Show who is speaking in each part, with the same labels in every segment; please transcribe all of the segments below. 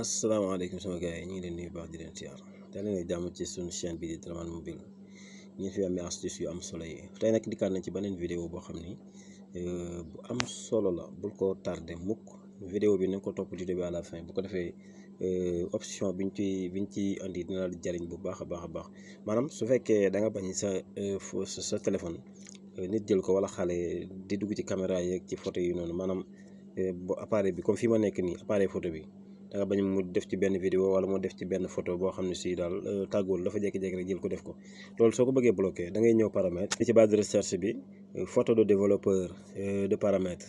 Speaker 1: asalaamaaleykum sama gars yi ñu ngi leen nuyu baax di leen siyaar tey nag jàmm ci suñu chaîne bi di Dramane Mobile ñu fi amee astuce yu am solo yi tey nag dikkaat nañ ci beneen vidéo boo xam ni euh, bu am solo la bul ko tardé mukk vidéo bi nañ ko topp di bi à la fin bu ko defee euh, option biñ ci biñ ci indi dina la jariñ bu baax a baax a baax maanaam su fekkee da nga bañ sa euh, sa téléphone nit jël ko wala xale di dugg ci caméra yeeg ci photo yi noonu maanaam bu appareil bi comme fi ma nekk nii appareil photo bi danga bañ mu def ci benn vidéo wala mu def ci benn photo boo xam ne si daal euh, tàggool dafa jékki-jékki rek jël ko def ko loolu soo ko bëggee bloqué dangay ngay ñëw paramètre ci base de recherche bi euh, photo de développeur euh, de paramètre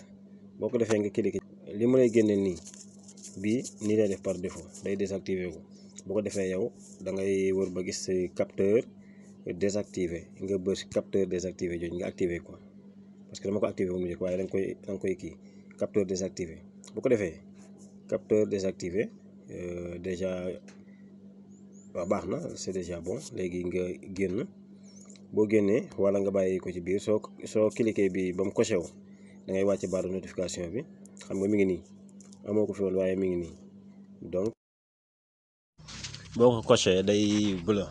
Speaker 1: boo ko defee nga cliqué li mu lay génne nii bii nii lay def par défaut day activer ko boo ko defee yow da ngay wër ba gis capteur désactivé nga bës capteur désactivé jooju nga activé ko parce que dama ko activé ba mu njëkk waaye da nga koy da nga koy kii capteur désactivé bu ko defee capteur désactivé euh, déjà waaw baax na c'est déjà bon léegi nga génn boo génnee wala nga bàyyi ko ci biir soo soo cliquer bi ba mu coché wu da ngay wàcce barre notification bi xam nga mi ngi nii amoo ko fi waaye mi ngi nii donc boo ko coché day bula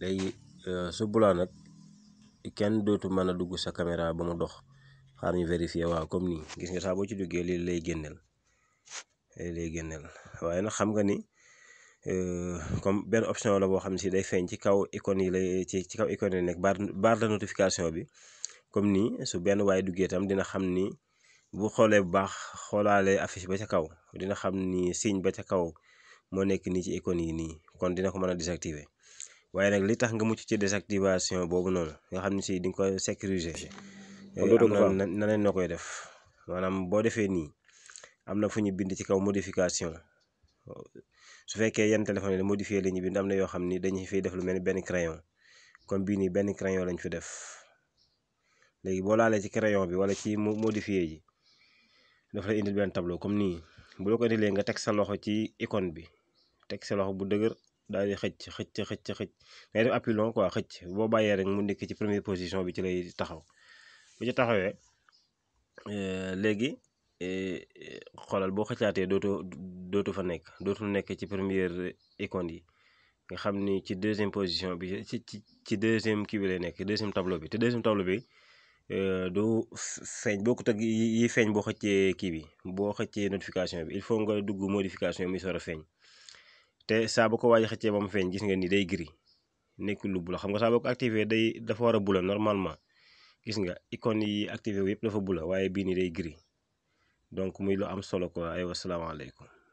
Speaker 1: léegi euh, su bulaa nag kenn dootu man a dugg sa caméra ba mu dox xaar ñu vérifier waaw comme nii gis nga saa ci duggee lii lay génneel Eh, lay génneel waaye nag xam nga ni eh, comme benn option la boo xam ne si day feeñ ci kaw icône yi lay ci ci kaw icône yi nekk barre barre notification bi comme nii su benn waaye duggee tam dina xam ni bu xoolee bu baax xoolaale affice ba ca kaw dina xam ni signe ba ca kaw moo nekk nii ci icône nii kon dina ko mën a désactiver waaye nag li tax nga mucc ci désactivation boobu noonu nga xam ne si di nga ko sécuriser. Eh, am na neneen noo koy def maanaam boo defee nii. am na fu ñu bind ci kaw modification su fekkee yenn téléphone yi la modifié la ñu bind am na yoo xam ni dañuy fiy def lu mel ni benn crayon comme bii nii benn crayon lañ fi def léegi boo laalee ci crayon bi wala ci modifié ji dafa lay indil benn tableau comme nii bu la ko indilee nga teg sa loxo ci icône bi teg sa loxo bu dëgër daal di xëcc xëcc xëcc xëcc ngay def appui long quoi xëcc boo bàyyee rek mu nekk ci première position bi ci lay taxaw bu ci xoolal boo xëccaatee dootu dootu fa nekk dootul nekk ci première icône yi nga xam ni ci deuxième position bi ci ci ci deuxième kii bi lay nekk deuxième tableau bi te deuxième tableau bi euh, du feeñ boo ko teg yi feeñ boo xëccee kii bi boo xëccee notification bi il faut nga dugg modification yi muy soor a feeñ te saa bu ko waaj xëccee ba mu feeñ gis nga nii day gris nekk lu bula xam nga saa boo ko activé day dafa war a bula normalement gis nga icône yi activé wu yëpp dafa bula waaye bii ni day gris donc muy lu am solo quoi ay wasalaamaaleykum